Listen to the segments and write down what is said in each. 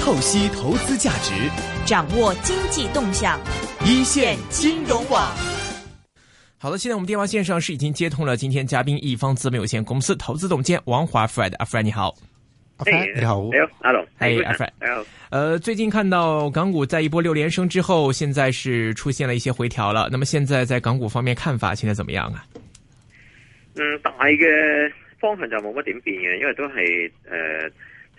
透析投資價值，掌握經濟動向，一線金融網。好的，現在我們電話線上是已經接通了。今天嘉賓易方資本有限公司投資總監王華 Fred，Fred 你好，hey, 你好，你好，阿龍，嘿，Fred，你好。呃，最近看到港股在一波六連升之後，現在是出現了一些回調了。那麼現在在港股方面看法，現在怎麼樣啊？嗯，大嘅方向就冇乜點變嘅，因為都係呃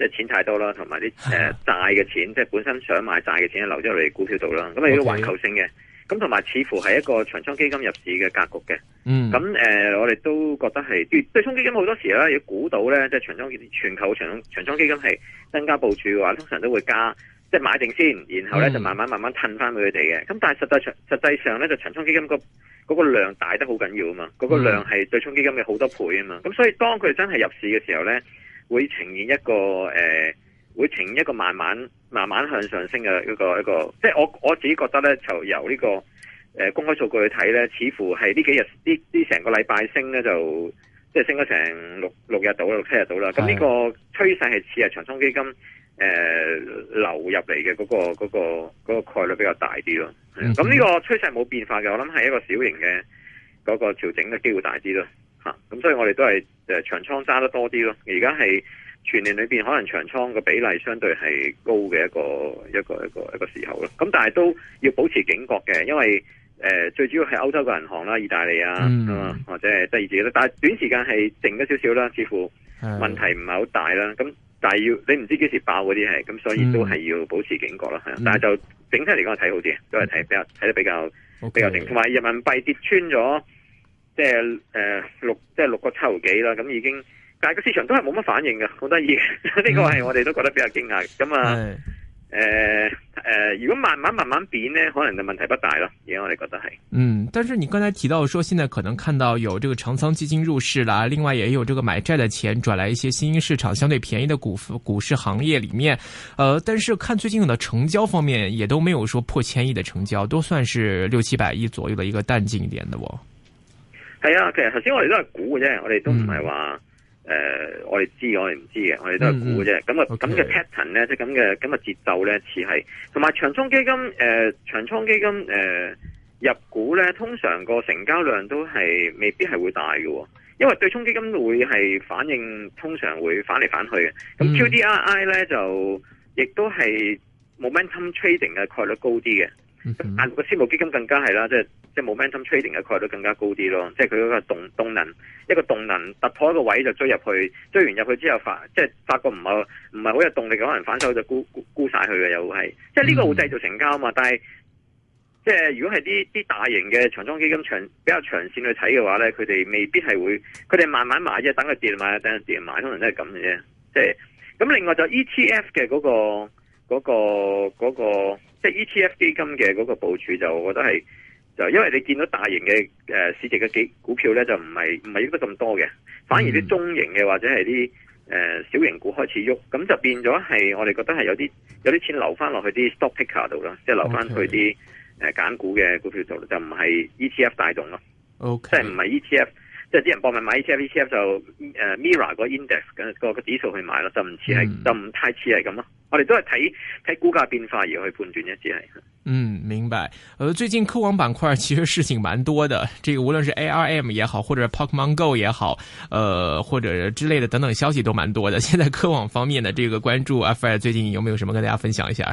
即係錢太多啦，同埋啲誒債嘅錢，即係本身想買債嘅錢，留咗落嚟股票度啦。咁又要環球性嘅，咁同埋似乎係一個長倉基金入市嘅格局嘅。咁、嗯呃、我哋都覺得係對沖基金好多時啦，如果估到咧，即係長倉全球，全球長長倉基金係增加部署嘅話，通常都會加，即係買定先，然後咧、嗯、就慢慢慢慢褪翻俾佢哋嘅。咁但係實，實際上呢，上咧，就長倉基金、那個嗰量大得好緊要啊嘛，嗰、那個量係對沖基金嘅好多倍啊嘛。咁、嗯、所以當佢真係入市嘅時候咧。會呈現一個誒、呃，會呈現一個慢慢慢慢向上升嘅一個一個，即係我我自己覺得咧，就由呢、這個誒、呃、公開數據去睇咧，似乎係呢幾日這這整呢呢成個禮拜升咧，就即係升咗成六六日到啦，六七日到啦。咁呢的個趨勢係似係長松基金誒、呃、流入嚟嘅嗰個嗰、那個嗰、那個那個概率比較大啲咯。咁呢的個趨勢冇變化嘅，我諗係一個小型嘅嗰個調整嘅機會大啲咯。吓，咁、嗯、所以我哋都係誒、呃、長倉揸得多啲咯。而家係全年裏邊可能長倉嘅比例相對係高嘅一個一個一個一個時候咯。咁但係都要保持警覺嘅，因為誒、呃、最主要係歐洲嘅銀行啦、意大利啊，嗯、或者係第二啲啦。但係短時間係定咗少少啦，似乎問題唔係好大啦。咁但係要你唔知幾時爆嗰啲係，咁所以都係要保持警覺啦。係、嗯嗯、但係就整體嚟講睇好啲，都係睇比較睇得比較比較定。同埋 okay. 人民幣跌穿咗。即係誒六，即係六個七毫幾啦，咁已經，但係個市場都係冇乜反應嘅，好得意，呢個係我哋都覺得比較驚訝。咁啊，誒誒，如果慢慢慢慢變呢，可能就問題不大咯，而家我哋覺得係。嗯，但是你剛才提到說，現在可能看到有這個長倉基金入市啦，另外也有這個買債的錢轉來一些新興市場相對便宜的股股市行業裏面，呃，但是看最近嘅成交方面，也都沒有說破千億的成交，都算是六七百億左右的一個淡靜一點的喎、哦。係啊，其實頭先我哋都係估嘅啫，我哋都唔係話誒，我哋知我哋唔知嘅，我哋都係估嘅啫。咁啊、嗯嗯，咁嘅 pattern 咧，即係咁嘅咁嘅節奏咧似係，同埋長倉基金誒、呃，長倉基金誒、呃、入股咧，通常個成交量都係未必係會大嘅，因為對沖基金會係反應通常會反嚟反去嘅。咁、嗯、QDII 咧就亦都係 momentum trading 嘅概率高啲嘅。嗯、但個私募基金更加係啦，即係即係冇 momentum trading 嘅概率更加高啲咯。即係佢嗰個動能，一個動能突破一個位就追入去，追完入去之後發，即係發覺唔係唔係好有動力嘅，可能反手就沽沽曬佢嘅又係。即係呢個會製造成交啊嘛。嗯、但係即係如果係啲啲大型嘅長莊基金長比較長線去睇嘅話咧，佢哋未必係會，佢哋慢慢買嘅，等佢跌買，等佢跌買，通常都係咁嘅啫。即係咁，那另外就 ETF 嘅嗰、嗰個嗰嗰個。嗰個嗰個即係 ETF 基金嘅嗰個部署就，我覺得係就，因為你見到大型嘅誒、呃、市值嘅幾股票咧，就唔係唔係應該咁多嘅，反而啲中型嘅或者係啲誒小型股開始喐，咁就變咗係我哋覺得係有啲有啲錢留翻落去啲 stock picker 度啦，Okay. 即係留翻去啲誒揀股嘅股票度，就唔係 ETF 帶動咯。Okay. 即係唔係 ETF，即係啲人搏命買 ETF，ETF 就誒 mirror 個 index 個個指數去買咯，就唔似係就唔太似係咁咯。我哋都係睇睇股價變化而去判斷一啲係。嗯，明白。呃，最近科網板塊其實事情蠻多的，這個無論是 ARM 也好，或者 Pokemon Go 也好，呃，或者之類的等等消息都蠻多的。現在科網方面的這個關注，阿 Fred 最近有沒有什麼跟大家分享一下？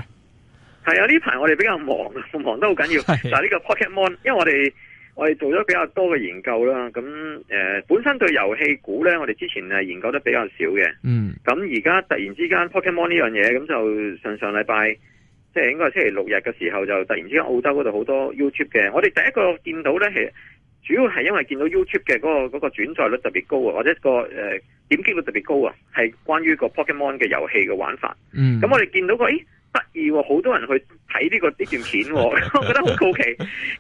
係啊，呢排我哋比較忙，忙得好緊要。 但係呢個 Pokemon，因為我哋。我哋做咗比較多嘅研究啦，咁誒、呃、本身對遊戲股咧，我哋之前係研究得比較少嘅。嗯。咁而家突然之間 Pokemon 呢樣嘢，咁就上上禮拜，即係應該係星期六日嘅時候，就突然之間澳洲嗰度好多 YouTube 嘅。我哋第一個見到咧，係主要係因為見到 YouTube 嘅嗰、嗰個嗰、嗰個轉載率特別高啊，或者個誒、呃、點擊率特別高啊，係關於個 Pokemon 嘅遊戲嘅玩法。嗯。咁我哋見到個依得意，好多人去睇呢、這個呢段片，我覺得好好奇。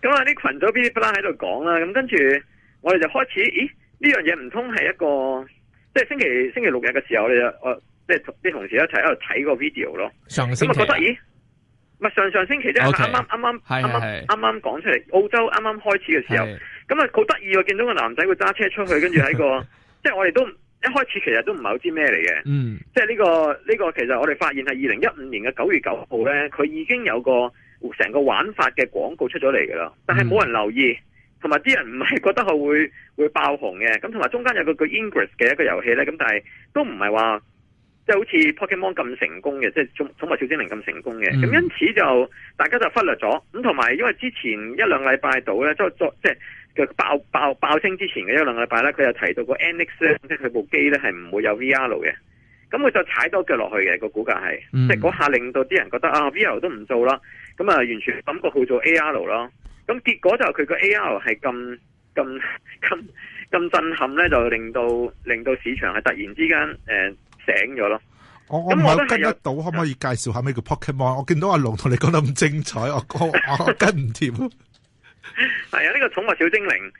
咁啊、 嗯，啲群組噼哩啪啦喺度講啦，咁跟住我哋就開始，咦？呢樣嘢唔通係一個，即係星期星期六日嘅時候我，我、呃、就即係啲同事一齊喺度睇個 video 咯。上星期，咁啊，覺得咦？咪上上星期即係啱啱啱啱啱啱講出嚟，澳洲啱啱開始嘅時候，咁啊好得意啊！見到個男仔會揸車出去，跟住喺個， 即係我哋都。一開始其實都唔係好知咩嚟嘅，嗯，即係、呢、呢個呢、呢個其實我哋發現係二零一五年嘅九月九號咧，佢已經有個成個玩法嘅廣告出咗嚟噶啦，但係冇人留意，同埋啲人唔係覺得佢會會爆紅嘅，咁同埋中間有個叫 Ingress 嘅一個遊戲咧，咁但係都唔係話即係好似 Pokemon 咁成功嘅，即係寵寵物小精靈咁成功嘅，咁、嗯、因此就大家就忽略咗，咁同埋因為之前一兩禮拜度咧，即係即係。爆爆爆升之前嘅一兩個禮拜咧，佢又提到個 Nexus、嗯、即係佢部機咧係唔會有 VR 嘅，咁佢就踩多腳落去嘅、那個股價係，即係嗰下令到啲人覺得啊 VR 都唔做啦，咁啊完全感覺佢做 AR 咯，咁結果就佢個 AR 係咁咁咁咁震撼咧，就令到令到市場係突然之間誒、呃、醒咗咯。我我覺得有我跟得到，可唔可以介紹下咩叫 Pokemon？我見到阿龍同你講得咁精彩，我我，我跟唔貼。係 啊，呢、這個寵物小精靈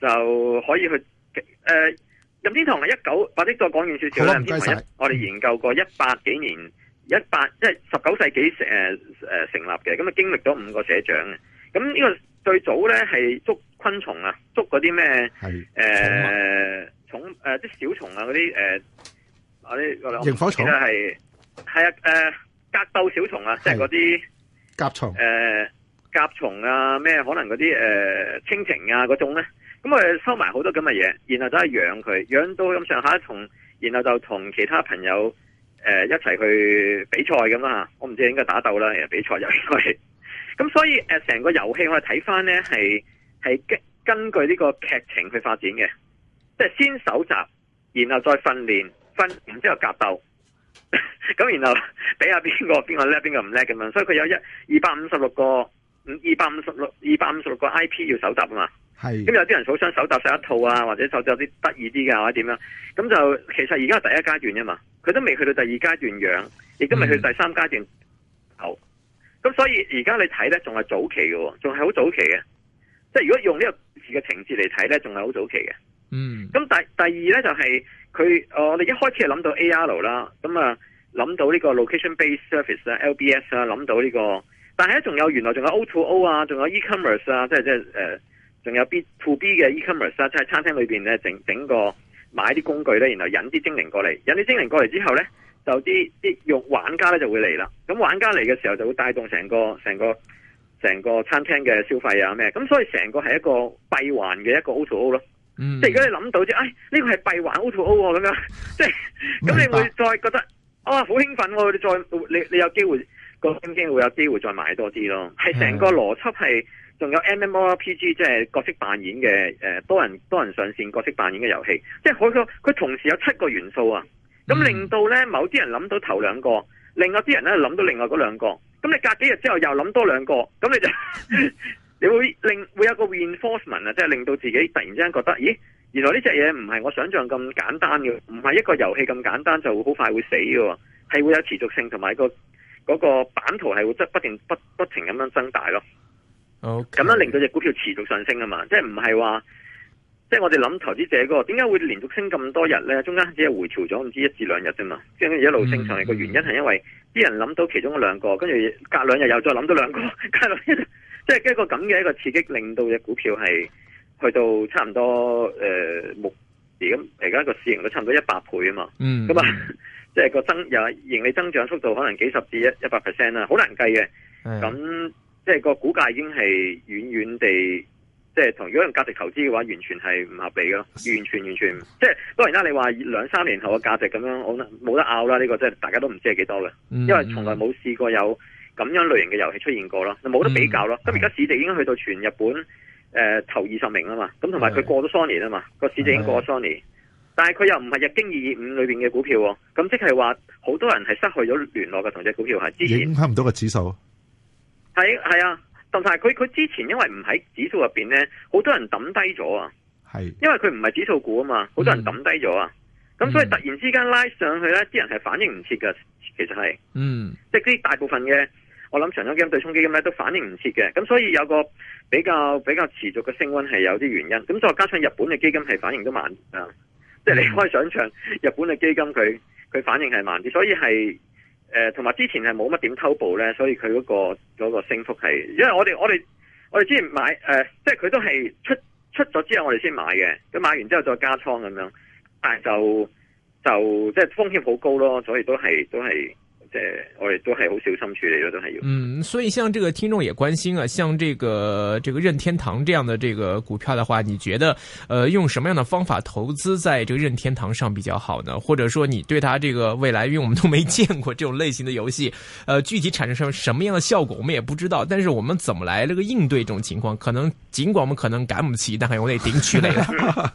就可以去誒、呃、任天堂係一九或者再講完少少咧。任天堂一、我哋研究過一百幾年、嗯、一百，即係十九世紀誒誒成立嘅，咁啊經歷咗五個社長嘅。咁呢個最早咧係捉昆蟲啊，捉嗰啲咩誒寵誒啲小蟲啊嗰啲誒啲螢火蟲啊係係、呃、啊誒格鬥小蟲啊即係嗰啲甲蟲松誒。呃甲蟲啊，咩可能嗰啲誒蜻蜓啊嗰種咧，咁啊收埋好多咁嘅嘢，然後都係養佢，養到咁上下同然後就同其他朋友誒、呃、一齊去比賽咁啊！我唔知應該打鬥啦，比賽又應該，咁所以誒成、呃、個遊戲我哋睇翻咧係係根根據呢個劇情去發展嘅，即係先搜集，然後再訓練，分然之後格鬥，咁然後， 然後比下邊個邊個叻邊個唔叻咁樣，所以佢有一二百五十六個。二百五十六二百五十六個 I P 要搜集啊嘛，係咁是有啲人好想搜集晒一套啊，或者搜集啲得意啲嘅，或者點樣咁，就其實而家係第一階段啫嘛，佢都未去到第二階段養，亦都未去到第三階段投，咁、嗯、所以而家你睇咧仲係早期嘅，仲係好早期嘅，即係如果用呢個字嘅情節嚟睇咧，仲係好早期嘅。嗯，咁第第二咧就係、是、佢、呃、我哋一開始係諗到 A R 啦，咁啊諗到呢、這個 location based service 啊 L B S 啊諗到呢個。但係咧，仲有原來仲有 O to O 啊，仲有 e-commerce 啊，即係即係誒，仲、呃、有 B to B 嘅 e-commerce 啊。即、就、係、是、餐廳裏面咧整整個買啲工具咧，然後引啲精靈過嚟，引啲精靈過嚟之後咧，就啲啲用玩家咧就會嚟啦。咁玩家嚟嘅時候就會帶動成個成個成個，個餐廳嘅消費啊咩？咁所以成個係一個閉環嘅一個 O to O 咯。嗯、即係如果你諗到咗，哎，呢個係閉環 O to O 咁、啊、樣即係，咁你會再覺得，啊白，好、哦、興奮喎、啊！你再你你有機會。個經會有機會再買多啲咯，係成個邏輯係，仲有 MMORPG 即係角色扮演嘅誒、呃，多人多人上線角色扮演嘅遊戲，即係佢佢同時有七個元素啊，咁令到呢某啲人諗到頭兩個，另外啲人呢諗到另外嗰兩個，咁你隔幾日之後又諗多兩個，咁你就 你會令會有個 reinforcement 啊，即係令到自己突然之間覺得，咦，原來呢隻嘢唔係我想象咁簡單嘅，唔係一個遊戲咁簡單就會好快會死嘅，係會有持續性同埋個。嗰個版圖係會不停不不停咁樣增大咯，咁 Okay. 樣令到隻股票持續上升啊嘛，即係唔係話，即係我哋諗投資者嗰個點解會連續升咁多日咧？中間只係回調咗唔知一至兩日啫嘛，即係一路升上嚟個原因係因為啲人諗到其中嗰兩個，跟住隔兩日又再諗到兩個，隔兩日即係一個咁嘅一個刺激，令到隻股票係去到差唔多誒目而家而家個市盈率差唔多一百倍啊嘛，咁啊、mm。Hmm. 即係個增又盈利增長速度可能幾十至一一百 percent 啦，好難計嘅。咁是的 即係個股價已經係遠遠地，即係同如果用價值投資嘅話，完全係唔合理咯。完全完全不，即係當然啦。你話兩三年後嘅價值咁樣，我冇得拗啦。呢、這個即係大家都唔知係幾多嘅，嗯嗯，因為從來冇試過有咁樣類型嘅遊戲出現過咯，冇得比較咯。咁而家市值已經去到全日本誒、呃、頭二十名啊嘛，咁同埋佢過咗 Sony 啊嘛，個市值已經過咗 Sony。但係佢又唔係日經二二五裏邊嘅股票喎，咁即係話好多人係失去咗聯絡嘅同隻股票之前，影響唔到個指數。係係啊，但係佢佢之前因為唔喺指數入邊咧，好多人抌低咗啊。係是，因為佢唔係指數股啊嘛，好多人抌低咗啊。咁、嗯、所以突然之間拉上去咧，啲人係反應唔切嘅，其實係，嗯，即係啲大部分嘅，我諗長倉基金對沖基金咧都反應唔切嘅。咁所以有個比較比較持續嘅升溫係有啲原因，咁再加上日本嘅基金係反應都慢啊。即係你可以想象，日本嘅基金佢佢反應係慢啲，所以係誒，同埋之前係冇乜點偷步咧，所以佢嗰個嗰個升幅係，因為我哋我哋我哋之前買誒，即係佢都係出出咗之後我哋先買嘅，咁買完之後再加倉咁樣，但係就就即係風險好高咯，所以都係都係。我哋都係好小心處理咯，都係要。嗯，所以像這個聽眾也關心啊，像這個這個任天堂這樣的這個股票的話，你覺得，呃，用什麼樣的方法投資在這個任天堂上比較好呢？或者說，你對他這個未來，因為我們都沒見過這種類型的遊戲，呃，具體產生什麼樣的效果，我們也不知道。但是我們怎麼來這個應對這種情況？可能盡管我們可能趕唔及，但係我哋頂住嚟啦。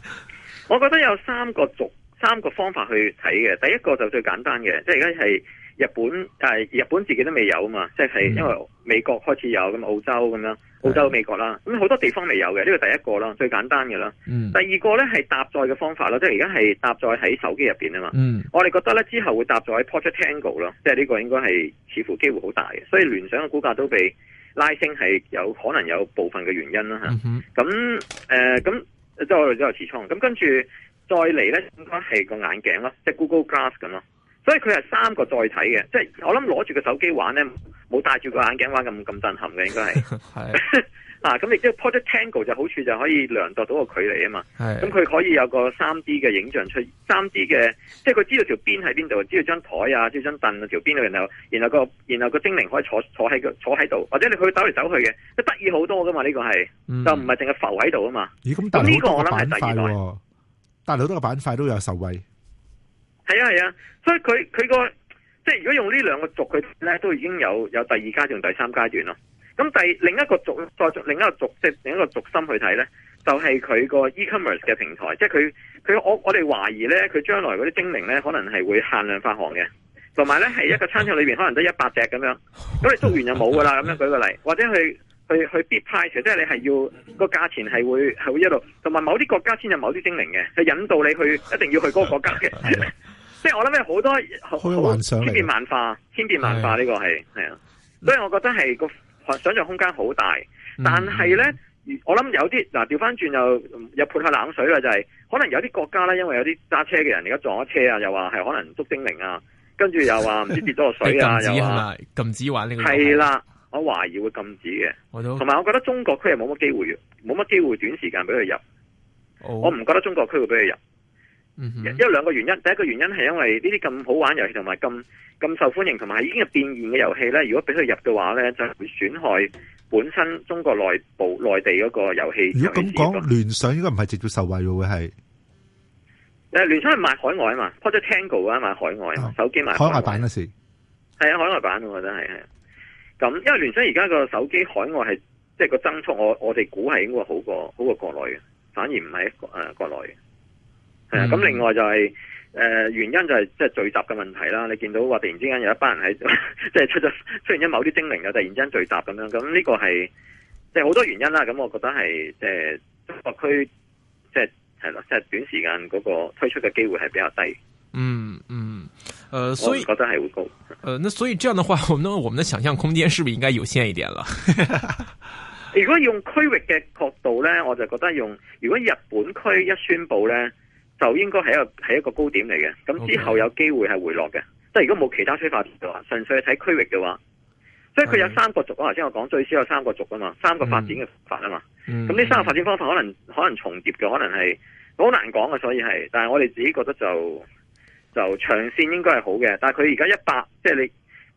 我覺得有三個族。三個方法去睇嘅，第一個就最簡單嘅，即係而家係日本，但、呃、係日本自己都未有啊嘛，即係因為美國開始有咁澳洲咁樣啦，澳洲美國啦，咁好是的 多地方未有嘅，呢、這個第一個啦，最簡單嘅啦。嗯、第二個呢係搭載嘅方法啦，即係而家係搭載喺手機入邊啊嘛。嗯、我哋覺得呢之後會搭載喺 Project Tango 啦，即係呢個應該係似乎機會好大嘅，所以聯想嘅股價都被拉升係有可能有部分嘅原因啦，咁誒，咁即係我哋都有持倉，咁跟住。再嚟咧，應該係個眼鏡咯，即係 Google Glass 咁咯。所以佢係三個載體嘅，即係我諗攞住個手機玩咧，冇戴住個眼鏡玩咁咁震撼嘅，應該係。係。嗱、 啊，咁亦都 Project Tango 就好處就可以量度到個距離啊嘛。咁佢 可以有個三 D 嘅影像出，三 D 嘅，即係佢知道條邊喺邊度，知道張台啊，知道張凳條邊度，然後然後個然後、那個、然後個精靈可以坐坐喺個坐喺度，或者你佢走嚟走去嘅，得意好多噶嘛。呢、這個係，嗯、就唔係淨係浮喺度啊嘛。咦？咁咁呢個我諗係第二代。嗯但係好多個板塊都有受惠、啊，係啊係啊，所以佢佢、嗰個即係如果用呢兩個軸去睇咧都已經有有第二階段第三階段咯。咁第另一個軸再另一個軸即另一個軸心去睇咧，就係、係、佢個 e-commerce 嘅平台，即係佢佢我我哋懷疑咧，佢將來嗰啲精靈咧可能係會限量發行嘅，同埋咧係一個餐廳裏邊可能得一百隻咁樣，咁你捉完就冇噶啦。咁 樣舉個例子，或者佢。去去 beat price，即係你係要個價錢係會係會一路，同埋某啲國家先有某啲精靈嘅，去引導你去一定要去嗰個國家嘅。即係 的 我諗，因為好多千變萬化，千變萬化呢個係係啊，所以我覺得係個想象空間好大。但係咧，嗯、我諗有啲嗱，調翻轉又又潑下冷水啦，就係、是、可能有啲國家咧，因為有啲揸車嘅人而家撞咗車啊，又話係可能捉精靈啊，跟住又話唔知跌咗個水啊， 止又禁說止玩呢個。我懷疑會禁止嘅，同埋 I know. 我覺得中國區係冇乜機會，冇乜機會短時間俾佢入。Oh. 我唔覺得中國區會俾佢入。Mm hmm. 因為兩個原因，第一個原因係因為呢啲咁好玩遊戲同埋咁咁受歡迎，同埋係已經變現嘅遊戲咧。如果俾佢入嘅話咧，就係會損害本身中國內部內地嗰個遊戲。如果咁講，聯想應該唔係直接受惠嘅，會係。誒，聯想係賣海外啊嘛，Project Tango 啊賣海外啊，oh. 手機賣海，海外版嗰時，係啊，海外版我覺得係係。是的。咁因為聯想而家個手機海外係即係個增速，我我哋估係應該好過好過國內嘅，反而唔係一個誒國內嘅係啊。咁、嗯、另外就係誒原因就係即係聚集嘅問題啦。你見到話突然之間有一班人喺即係出咗，出現咗某啲精靈又突然之間聚集咁樣，咁呢個係即係好多原因啦。咁我覺得係即係中國區即係係咯，即係短時間嗰個推出嘅機會係比較低。嗯嗯。嗯誒、呃，所以覺得係會高，誒、呃，那所以這樣的話，我，那我們的想象空間是不是應該有限一點了？ 如果用區域嘅角度呢我就覺得用，如果日本區一宣布呢就應該係一個係一個高點嚟嘅，咁之後有機會係回落嘅，即係 Okay. 如果冇其他催化嘅話，純粹係睇區域嘅話，即係佢有三個軸，頭先、嗯啊、我講最少有三個軸噶嘛，三個發展嘅法啊嘛，咁呢、嗯、三個發展方法可能、嗯、可能係重疊嘅，可能係好難講嘅，所以係，但係我哋自己覺得就。就長線應該係好嘅，但係佢而家一百，即係你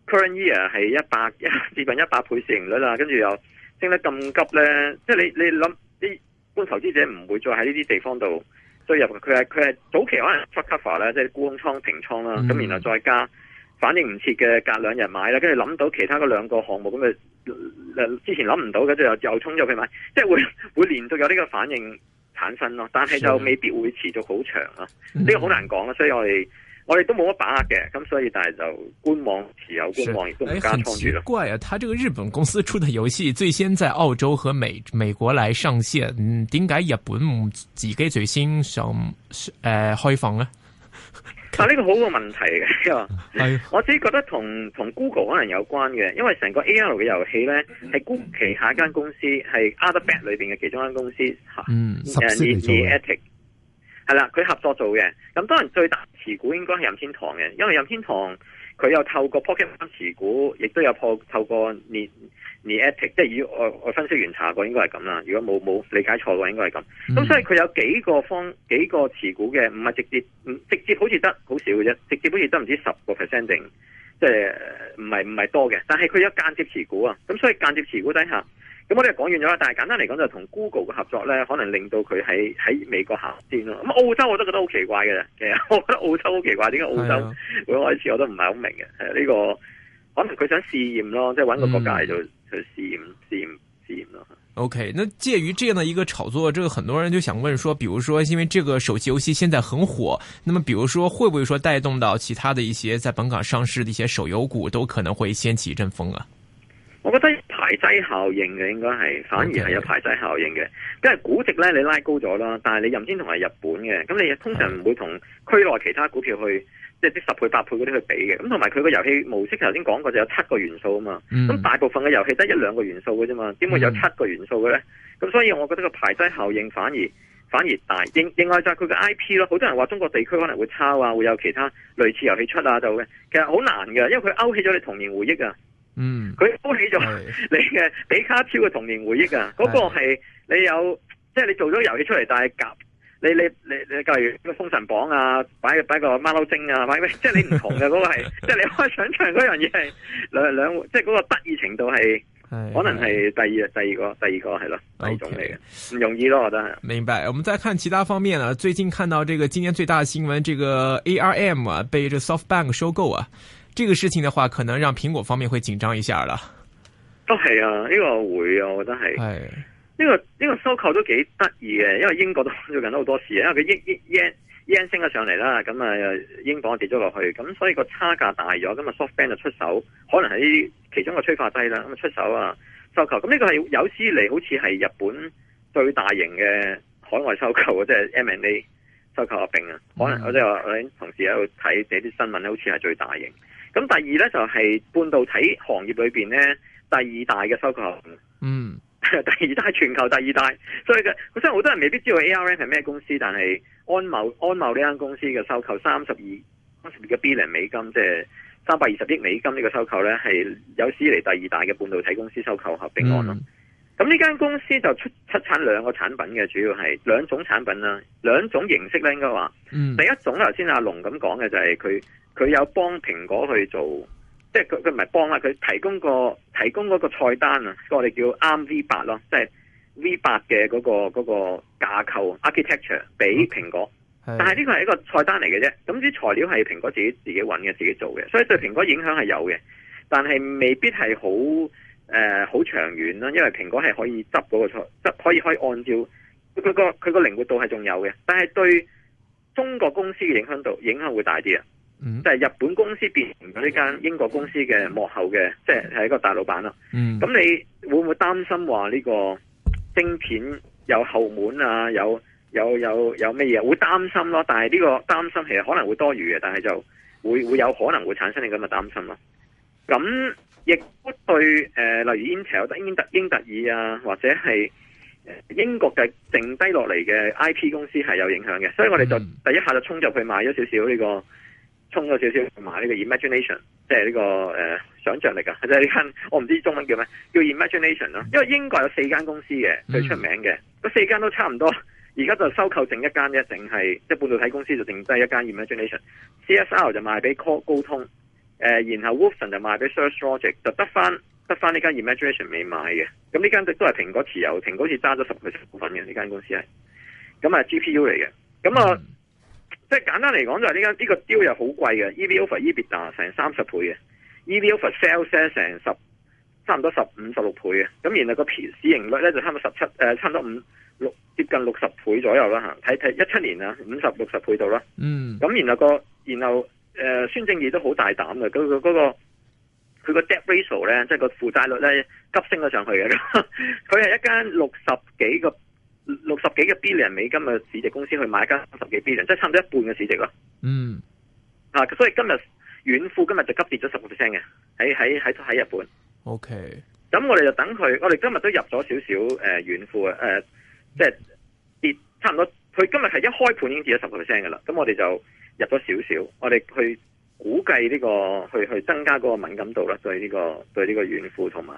current year 係一百一四分一百倍市盈率啦，跟住又升得咁急咧，即係你你諗啲般投資者唔會再喺呢啲地方度追入，佢係佢係早期可能 f o r cover 咧，即係沽空倉平倉啦，咁然後再加反應唔切嘅隔兩日買啦，跟住諗到其他嗰兩個項目咁嘅，之前諗唔到嘅就又衝咗佢去買，即係會會連續有呢個反應產生咯，但係就未必會持續好長咯，呢的個好難講咯，所以我哋。我哋都冇乜把握嘅，咁所以但係就觀望持有觀望亦都唔加倉住咯。哎、怪啊！佢這個日本公司出的遊戲，最先在澳洲和美美國來上線啊，點、嗯、解日本唔自己最先上誒開放呢啊，呢、呢個好個問題嘅，係 我自己覺得同同 Google 可能有關嘅，因為成個 AL 嘅遊戲咧係估旗下間公司係 Alphabet 裏邊嘅其中間公司吓，嗯，呃、十四年 係啦，佢合作做嘅，咁當然最大持股應該係任天堂嘅，因為任天堂佢有透過 Pokemon 持股，亦都有破透過 Niantic，即係以我我分析完查過應該係咁啦，如果冇冇理解錯嘅話應該係咁。咁、嗯、所以佢有幾個方幾個持股嘅，唔係直接唔直接好似得好少嘅啫，直接好似得唔知十個 percent 定，即係唔係唔係多嘅，但係佢有間接持股啊，咁所以間接持股底下。咁我哋講完咗啦，但係簡單嚟講就同 Google 嘅合作咧，可能令到佢喺喺美國行先咯。咁澳洲我都覺得好奇怪嘅，其實我覺得澳洲好奇怪，點解澳洲？我一開始我都唔係好明嘅，呢是、啊這個可能佢想試驗咯，即係搵個國家嚟做去試驗、試驗、嗯、試驗咯。O、okay, K，那介於這樣的一個炒作，這個很多人就想問說，比如說因為這個手機遊戲現在很火，那麼比如說會不會說帶動到其他的一些在本港上市的一些手遊股都可能會掀起一陣風啊？我覺得。排擠效應嘅應該係反而係有排擠效應嘅，Okay. 因為估值咧你拉高咗啦，但係你任天堂係日本嘅，咁你通常唔會同區內其他股票去即係啲十倍、八倍嗰啲去比嘅，咁同埋佢個遊戲模式頭先講過就有七個元素啊嘛，咁、mm. 大部分嘅遊戲得一兩個元素嘅啫嘛，點會有七個元素嘅咧？咁、mm. 所以我覺得個排擠效應反而反而大，另另外就係佢個 I P 咯，好多人話中國地區可能會抄啊，會有其他類似遊戲出啊就嘅，其實好難嘅，因為佢勾起咗你童年回憶啊。嗯，佢勾起咗你嘅比卡超嘅童年回憶啊！嗰的個係你有，即、就、係、是、你做咗遊戲出嚟，但係夾你你你你，例如封神榜啊，擺個擺個馬騮精啊，擺咩，即、就、係、是、你唔同嘅嗰 個係，即、就、係、是、你可以想像嗰樣嘢係兩兩，即係嗰個得意程度係，的可能係第二的第二個第二個係咯，Okay. 第二種嚟嘅，唔容易咯，我覺得。明白，我們再看其他方面啊。最近看到呢個今年最大嘅新聞，呢、這個 ARM 啊被這 SoftBank 收購啊。這個事情的話，可能讓蘋果方面會緊張一下啦。都係啊，呢、這個會，我覺得係。誒、哎，呢、這個呢、這個收購都幾得意嘅，因為英國都最近都好多事，因為佢英英 yen 升咗上嚟啦，咁、嗯、啊英鎊跌咗落去，咁所以個差價大咗，咁啊 SoftBank 就出手，可能喺其中個催化劑啦。咁啊出手啊收購，咁呢個係有史嚟好似係日本最大型嘅海外收購，即係 M and A 收購合併啊。可能我即係我啲同事喺度睇睇啲新聞，好似係最大型。咁第二咧，就係半導體行業裏邊咧，第二大嘅收購，嗯，第二大係，全球第二大，所以嘅，所以好多人未必知道 ARM 係咩公司，但係安謀安謀呢間公司嘅收購三十二三十二嘅 billion 美金，即係三百二十億美金呢個收購咧，係有史嚟第二大嘅半導體公司收購合併案咯。嗯咁呢間公司就出出產兩個產品嘅，主要係兩種產品啦，兩種形式咧，應該話，第一種頭先阿龍咁講嘅就係佢佢有幫蘋果去做，即係佢佢唔係幫呀，佢提供個提供嗰個菜單啊，我哋叫 M V 八咯，即係 V 八嘅嗰個嗰個架構 architecture 俾蘋果，但係呢個係一個菜單嚟嘅啫，咁啲、那個那個、Okay. 材料係蘋果自己自己揾嘅，自己做嘅，所以對蘋果影響係有嘅，但係未必係好。誒，好、呃、長遠啦，因為蘋果係可以執嗰個錯，執可以可以按照佢佢個佢個靈活度係仲有嘅，但係對中國公司嘅影響度影響會大啲啊！嗯、就係日本公司變成咗呢間英國公司嘅幕後嘅，即係係一個大老闆啦。咁、嗯、你會唔會擔心話呢個晶片有後門啊？有有有有咩嘢？會擔心咯，但係呢個擔心其實可能會多餘嘅，但係就會會有可能會產生你咁嘅擔心咯。咁、嗯。亦都對誒、呃，例如 Intel、英特、英特爾啊，或者係英國嘅剩低落嚟嘅 IP 公司係有影響嘅，所以我哋就第一下就衝入去買咗少少呢、這個，衝咗少少同埋呢個 imagination，即係呢、這個誒、呃、想像力啊，即係呢間我唔知中文叫咩，叫 imagination 咯、啊，因為英國有四間公司嘅最出名嘅，嗰、嗯、四間都差唔多，而家就收購剩一間一定係即係半導體公司就剩低一間 imagination，CSR 就賣俾 call 高通。誒、呃，然後 Wolfson 就賣俾 Search Logic，就得翻得翻呢間 Imagination 未賣嘅，咁呢間都係蘋果持有，蘋果好似揸咗十倍十部分嘅呢間公司係咁啊 GPU 嚟嘅，咁啊、嗯、即係簡單嚟講就係呢間呢個 deal 又好貴嘅 EV Over EBITDA 成三十倍嘅 EV Over Sales 成十差唔多十五十六倍嘅，咁然後個市盈率咧就差唔多十七誒，差唔多五六接近六十倍左右啦吓，睇睇一七年啊五十六十倍度啦，嗯，咁然後個然後。然後誒，孫、呃、正義都好大膽嘅，佢、那、佢個佢、那個 debt ratio 咧，即係個負債率咧急升咗上去嘅。佢係一間六十幾個六十幾個 billion 美金嘅市值公司，去買一間十幾 billion，即係差唔多一半嘅市值咯。嗯，啊，所以今日軟庫今日就急跌咗十個 percent 嘅，喺喺喺喺日本。OK，咁我哋就等佢，我哋今日都入咗少少誒軟庫啊，誒、呃，即係、呃就是、跌差唔多。佢今日係一開盤已經跌咗十個 percent 嘅啦。咁我哋就。入咗少少，我哋去估計呢個去去增加嗰個敏感度啦，對呢個對呢個遠付同埋。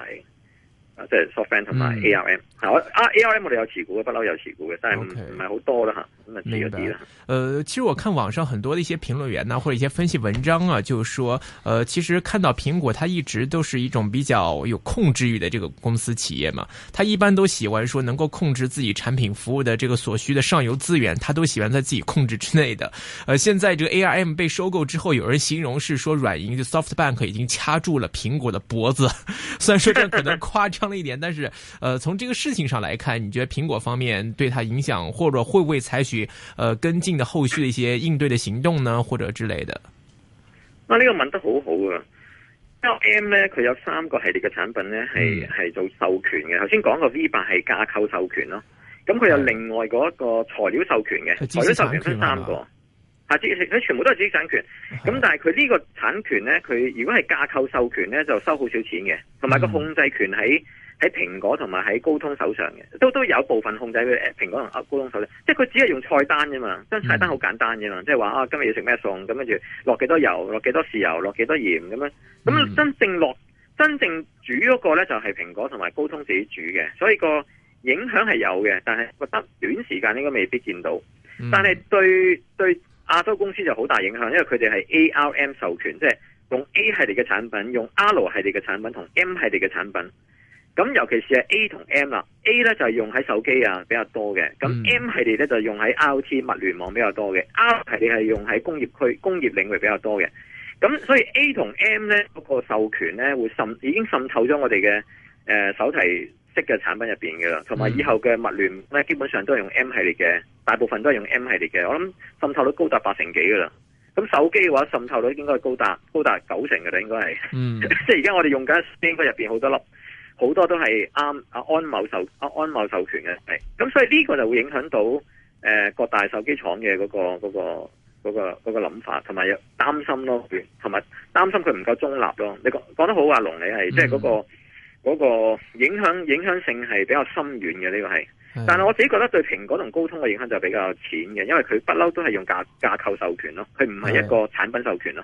即係 SoftBank 同埋 ARM，好啊，ARM 我哋有持股嘅，不嬲有持股嘅，但係唔係好多啦吓，咁啊呢啲啦。呃，其實我看網上很多的一些評論員呢、啊，或者一些分析文章啊，就是、說，呃，其實看到蘋果，它一直都是一種比較有控制欲的這個公司企業嘛，它一般都喜歡說能夠控制自己產品服務的這個所需的上游資源，它都喜歡在自己控制之內的。呃，現在這個 ARM 被收購之後，有人形容是說軟銀就 SoftBank 已經掐住了蘋果的脖子，雖然說這可能誇張。 一點，但是、呃，從這個事情上來看，你覺得蘋果方面對它影響，或者會不會採取，呃，跟進的後續的一些應對的行動呢，或者之類的？啊，呢個問得好好啊！因為 M 咧，佢有三個系列嘅產品咧，係係、嗯、做授權嘅。頭先講個 V 八系架構授權咯，咁佢、嗯、有另外一個材料授權嘅，權材料授權分三個。下佢全部都係自己產權，咁但係佢呢個產權咧，佢如果係架構授權咧，就收好少錢嘅，同埋個控制權喺喺蘋果同埋喺高通手上嘅，都都有部分控制嘅。蘋果同高通手上嘅，即係佢只係用菜單啫嘛，張菜單好簡單啫嘛，即係話啊，今日要食咩餸，咁跟住落幾多油，落幾多豉油，落幾多鹽咁樣，咁真正落真正煮嗰個咧就係蘋果同埋高通自己煮嘅，所以個影響係有嘅，但係覺得短時間應該未必見到，嗯、但係對對。亞洲公司就好大影響，因為佢哋係 ARM 授權，即係用 A 系列嘅產品，用 R 系列嘅產品同 M 系列嘅產品。咁尤其是 A 同 M 啦，A 呢就係用喺手機啊比較多嘅，咁 M 系列呢就用喺 IoT 物聯網比較多嘅，R 系列係用喺工業區、工業領域比較多嘅。咁所以 A 同 M 呢，嗰個授權呢會滲已經滲透咗我哋嘅。誒，手提式嘅產品入邊嘅啦，同埋以後嘅物聯咧，基本上都係用 M 系列嘅，大部分都係用 M 系列嘅。我諗滲透率高達八成幾噶啦。咁手機嘅話滲到，滲透率應該係高達高達九成噶啦，嗯、 應該係。係，即係而家我哋用緊邊個入邊好多粒，好多都係啱安某授安某授權嘅。係。咁所以呢個就會影響到誒、呃、各大手機廠嘅嗰個嗰、那個嗰、那個、那個諗法，同埋又擔心咯，同埋擔心佢唔夠中立咯。你講講得好阿龍，你係、嗯、即係嗰、那個。嗰個影響影響性係比較深遠嘅呢個係，但係我自己覺得對蘋果同高通嘅影響就比較淺嘅，因為佢不嬲都係用架架構授權咯，佢唔係一個產品授權咯。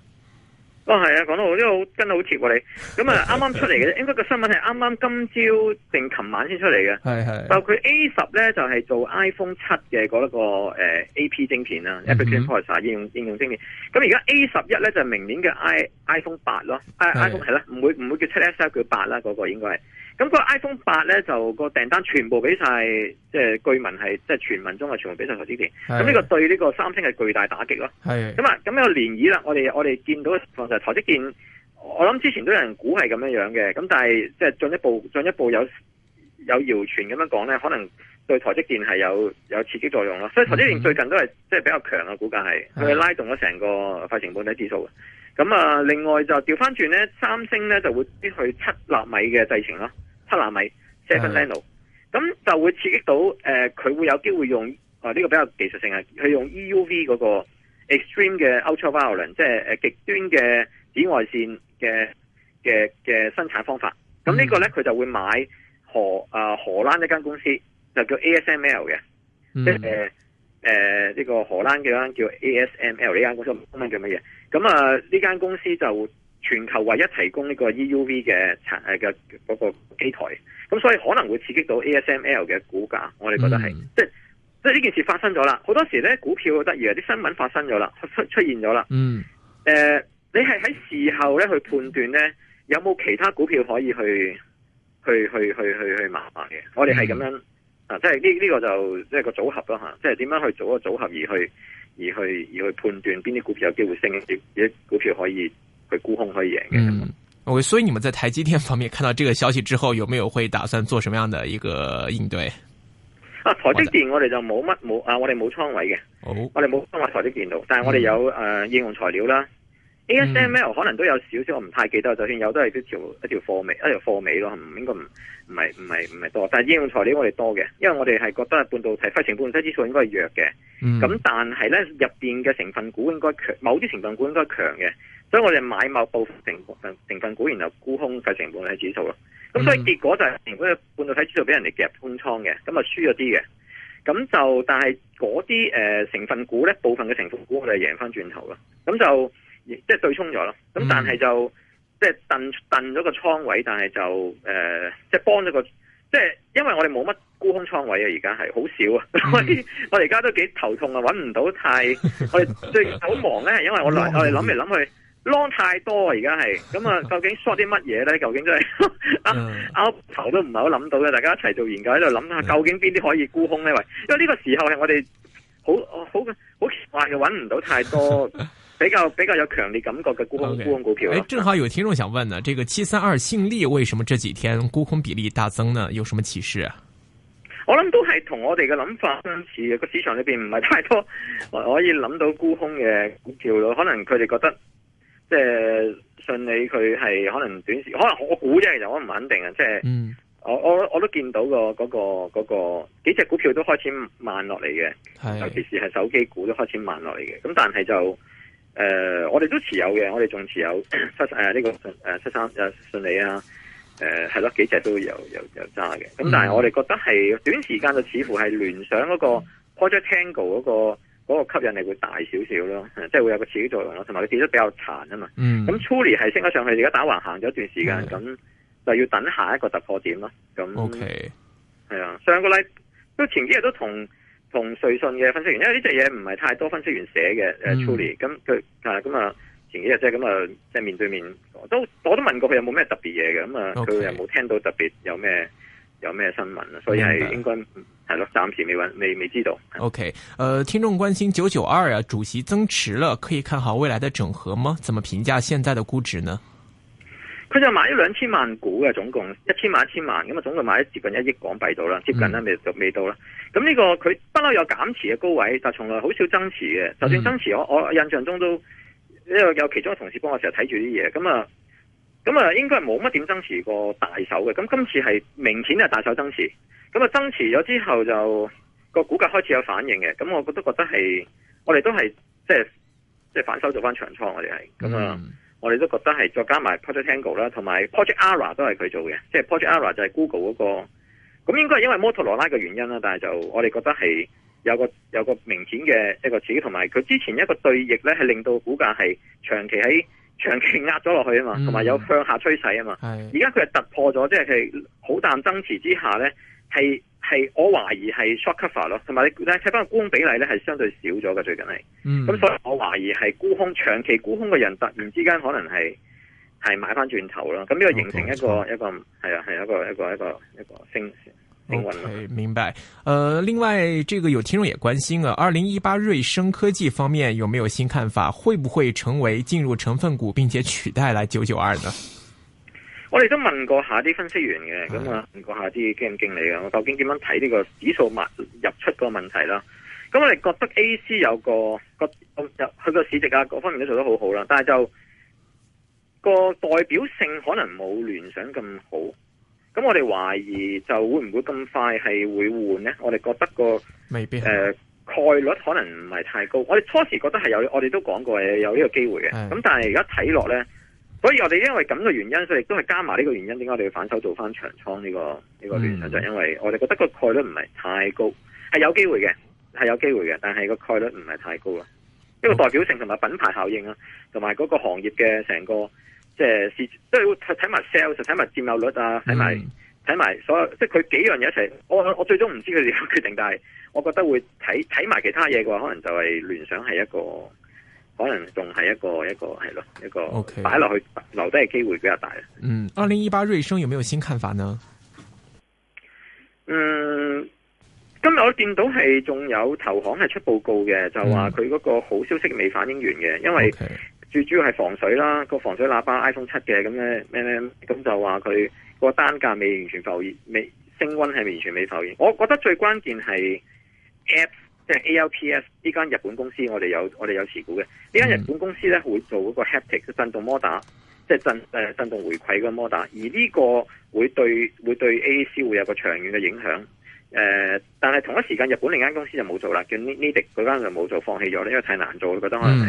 哦，係啊，講得好，呢個跟得好貼喎、啊、你。咁、嗯、啊，啱啱出嚟嘅啫， 應該個新聞係啱啱今朝定琴晚先出嚟嘅。係係。 就佢 A 十咧，就、呃、係做 iPhone 七嘅嗰一個誒 A P 晶片啦 Application Processor 應用、嗯、哼應用晶片。咁而家 A 十一咧，就係、明年嘅 i iPhone 八咯，iPhone 係啦，唔會唔會叫七 S，F，叫八啦，嗰、嗰個應該係。咁個 iPhone 八咧就個訂單全部俾曬，即係據聞係即係傳聞中係全部俾曬台積電。咁呢是的 個對呢個三星係巨大打擊咯。咁啊是的，咁有個漣漪啦。我哋我哋見到嘅情況就係台積電，我諗之前都有人估係咁樣樣嘅。咁但係即係進一步進一步有有謠傳咁樣講咧，可能對台積電係有有刺激作用囉。所以台積電最近都係即係比較強嘅估價係，佢是的 拉動咗成個快錢本體指數嘅。咁啊，另外就調翻轉咧，三星咧就會跌去七納米嘅製程啦。七納米 seven nano 咁就會刺激到誒，佢、呃、會有機會用啊呢、這個比較技術性嘅，佢用 EUV 嗰個 extreme 嘅 ultraviolet，即係誒極端嘅紫外線嘅嘅嘅生產方法。咁、嗯、呢個咧，佢就會買荷啊荷蘭一間公司，就叫 ASML 嘅，嗯、即係誒誒呢個荷蘭嘅間叫 ASML 呢間公司，功能叫乜嘢？咁啊呢間公司就。全球唯一提供呢個 EUV 嘅誒嘅嗰個機台，咁所以可能會刺激到 ASML 嘅股價。嗯、我哋覺得係，即係即係呢件事發生咗啦。好多時咧，股票好得意啊，啲新聞發生咗啦，出出現咗啦。嗯，誒、呃，你係喺事後咧去判斷咧，有冇其他股票可以去去去去去去麻煩嘅？我哋係咁樣、嗯、啊，即係呢呢個就即係個組合咯吓，即係點樣去組一個組合而去而去而去，而去判斷邊啲股票有機會升一股票可以。被沽空可以贏嘅，嗯，我、okay, 所以你們在台積電方面看到這個消息之後，有沒有會打算做什麼樣的一個應對？啊，台積電我哋就冇乜冇啊，我哋冇倉位嘅，oh, 我哋冇位，台積電度，但係我哋有誒、嗯呃、應用材料啦。Mm hmm. ASML 可能都有少少，我唔太記得。就算有都是，都係一條一條貨尾，一條貨尾咯，唔應該唔唔係唔係唔係多。但係應用材料我哋多嘅，因為我哋係覺得半導體、費城半導體指數應該係弱嘅。咁、mm hmm. 但係咧入邊嘅成分股應該強，某啲成分股應該強嘅。所以我哋買某部分成分股，然後沽空費城半導體指數咯。咁、mm hmm. 所以結果就係成個半導體指數俾人哋夾空倉嘅，咁啊輸咗啲嘅。咁就但係嗰啲誒成分股咧，部分嘅成分股我哋贏翻轉頭咯。咁就。即係對沖咗咯，咁、嗯嗯、但係就即係掟掟咗個倉位，但係就誒、呃，即係幫咗個，即係因為我哋冇乜沽空倉位啊，而家係好少啊，嗯、 我我哋而家都幾頭痛啊，搵唔到太 我哋最，好忙咧，因為我我哋諗嚟諗去 long 太多啊，而家係咁啊， 究竟 short 啲乜嘢咧？究竟真係拗、 啊 啊、頭都唔係好諗到嘅，大家一齊做研究喺度諗下，究竟邊啲可以沽空咧？喂， 因為呢個時候係我哋好好好奇怪嘅，搵唔到太多。 比較比較有強烈感覺嘅沽空沽 Okay. 空股票，誒，正好有聽眾想問呢，這個七三二信利為什麼這幾天沽空比例大增呢？有什麼啟示？啊？我諗都係同我哋嘅諗法相似嘅，個市場裏邊唔係太多我可以諗到沽空嘅股票咯，可能佢哋覺得即係信利佢係可能短線，可能我估啫，其實我唔肯定啊。即、就、係、是，嗯、我我我都見到、那個嗰、那個嗰個幾隻股票都開始慢落嚟嘅，尤其、嗯、是係手機股都開始慢落嚟嘅，咁但係就。誒、呃，我哋都持有嘅，我哋仲持有七誒呢、呃這個誒、呃、七三誒信、呃、利啊，誒係咯，幾隻都有有有揸嘅。咁但係我哋覺得係短時間就似乎係聯想嗰個 Project Tango 嗰、那個嗰、那個吸引力會大少少咯，即係會有個刺激作用咯，同埋佢跌得比較殘啊嘛。咁 Truly 係升咗上去，而家打橫行咗一段時間，咁的就要等下一個突破點咯。咁。OK。係啊，上個禮都前幾日都同。同瑞信嘅分析員，因為呢隻嘢唔係太多分析員寫嘅，誒 Truly 咁佢啊，咁啊、嗯，前幾日即係咁啊，即係面對面，我都我都問過佢有冇咩特別嘢嘅，咁啊，佢又冇聽到特別有咩有咩新聞啊？所以係應該係咯，暫時未揾，未未,未知道。OK，誒，聽眾關心九九二啊，主席增持了，可以看好未來嘅整合嗎？怎麼評價現在嘅估值呢？佢就買咗兩千萬股嘅，總共一千萬一千萬，咁啊總共買咗接近一億港幣到啦，接近啦未？就未到啦。咁呢個佢不嬲有減持嘅高位，但係從來好少增持嘅。就算增持，我我印象中都呢個有，有其中嘅同事幫我成日睇住啲嘢。咁啊，咁啊應該係冇乜點增持過大手嘅。咁今次係明顯係大手增持。咁啊增持咗之後就、個股價開始有反應嘅。咁我我都覺得係我哋都係即係即係反手做翻長倉，我哋係咁啊。我哋都覺得係再加埋 Project Tango 啦，同埋 Project Ara 都係佢做嘅，即係 Project Ara 就係 Google 嗰個。咁應該係因為摩托羅拉嘅原因啦，但係就我哋覺得係有個有個明顯嘅一個轉，同埋佢之前一個對逆咧係令到股價係長期喺長期壓咗落去啊嘛，同埋有，有向下趨勢啊嘛。而家佢係突破咗，即係佢好淡爭持之下咧係，係我懷疑係 short cover 咯，同埋你睇翻個沽空比例咧，係相對少咗嘅，最近係，咁所以我懷疑係沽空長期沽空嘅人突然之間可能係係買翻轉頭咯，咁呢個形成一個 okay, 一個係啊係一個一個一個一個升升、okay, 明白。呃另外，這個有聽眾也關心啊，二零一八瑞聲科技方面有沒有新看法？會不會成為進入成分股並且取代來九九二呢？ 我哋都問過下啲分析員嘅，咁啊的問過下啲基金經理嘅，我究竟點樣睇呢個指數物入出個問題啦？咁我哋覺得 A. C. 有個個佢個市值啊，各方面都做得好好啦，但係就個代表性可能冇聯想咁好。咁我哋懷疑就會唔會咁快係會換呢？我哋覺得個未必，呃、概率，可能唔係太高。我哋初時覺得係有，我哋都講過有呢個機會嘅。咁的但係而家睇落呢。所以我哋因為咁嘅原因，所以亦都係加埋呢個原因，點解我哋要反手做翻長倉呢個呢個聯想？就係、嗯、因為我哋覺得個概率唔係太高，係有機會嘅，係有機會嘅，但係個概率唔係太高啊。一個代表性同埋品牌效應啊，同埋嗰個行業嘅成個即係即都要睇睇埋 sales，睇埋佔有率啊，睇埋睇埋所有，即係佢幾樣嘢一齊。我我最終唔知佢哋點決定，但係我覺得會睇睇埋其他嘢嘅話，可能就係聯想係一個。可能仲係一個一個係咯，一個擺落去留低嘅機會比較大。Okay. 嗯，二零一八瑞聲有冇有新看法呢？嗯，今日我見到係仲有投行係出報告嘅，就話佢嗰個好消息未反映完嘅，Okay. 因為最主要係防水啦，個防水喇叭 iPhone 七嘅，咁咧咩咩，咁就話佢個單價未完全浮現，未升溫係完全未浮現。我覺得最關鍵係 Apps。即係 ALPS 呢間日本公司，我哋有我哋有持股嘅。呢間日本公司咧，會做嗰個 haptic 震動摩打，即係震誒、呃、震動回饋嘅摩打。而呢個會對會對 AAC 會有個長遠嘅影響。誒、呃，但係同一時間日本另一間公司就冇做啦，叫 Nidec 嗰間就冇做，放棄咗咧，因為太難做了，我覺得可能。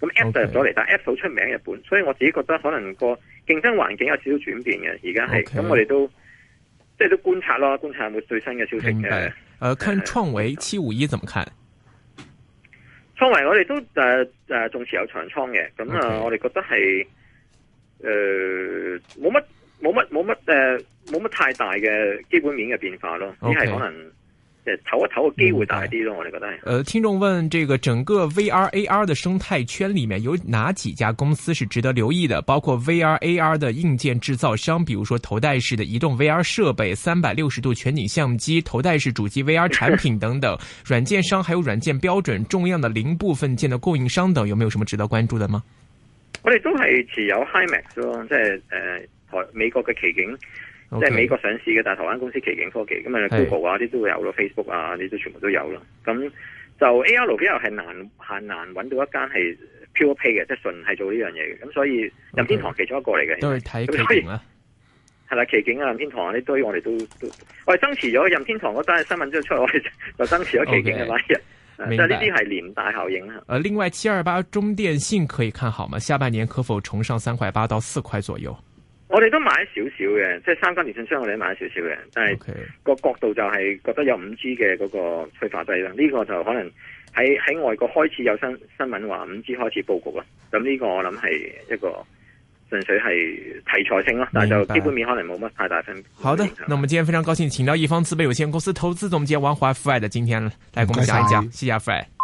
咁 A p p 就入咗嚟，okay, 但 App 好出名日本，所以我自己覺得可能個競爭環境有少少轉變嘅。而家係咁，okay, 那我哋都即係都觀察咯，觀察有冇最新嘅消息嘅。誒、呃，看創維七五一怎麼看？創維我哋都誒誒、呃呃，仲持有長倉嘅，咁、嗯、啊，我哋覺得係誒冇乜冇乜冇乜誒冇乜太大嘅基本面嘅變化咯，Okay. 只係可能。呃投，一投嘅機會大啲咯、嗯，我哋覺得係。誒、呃，聽眾問，這個整個 VRAR 的生態圈裏面有哪幾家公司是值得留意的？包括 VRAR 的硬件製造商，比如說頭戴式的移動 VR 設備、三百六十度全景相機、頭戴式主機 VR 產品等等，軟件商，還有軟件標準、重要的零部分件的供應商等，有冇有什麼值得關注的嗎？我哋都係持有 HiMax 咯，即係誒台美國嘅奇景。Okay, 即係美國上市嘅，但台灣公司奇景科技，咁啊是、嗯、Google 啊啲都會有咯，Facebook 啊呢啲全部都有啦。咁就 A L o P R 係難，係難揾到一間係 pure pay 嘅，即係純係做呢樣嘢嘅。咁所以任天堂其中一個嚟嘅，okay, 實都去睇、啊、奇景啊。係啦，奇景啊任天堂啊呢堆我哋都都，我哋增持咗任天堂天的，嗰單新聞之後出嚟，我哋就增持咗奇景嘅嘛。即係呢啲係連帶效應啊。呃，另外七二八中電信可以看好嗎？下半年可否重上三塊八到四塊左右？我哋都買咗少少嘅，即係三間電信商我哋都買咗少少嘅，但係個角度就係覺得有五 G 嘅嗰個催化劑啦。呢、這個就可能喺喺外國開始有新新聞話五 G 開始佈局啦。咁、這、呢個我諗係一個純粹係題材性咯，但係就基本面可能冇乜太大分別。白好的，那我們今天非常高興，請到一方資本有限公司投資總監王華 Fred 今天來跟我們講一講，謝、謝、謝、謝、啊、Fred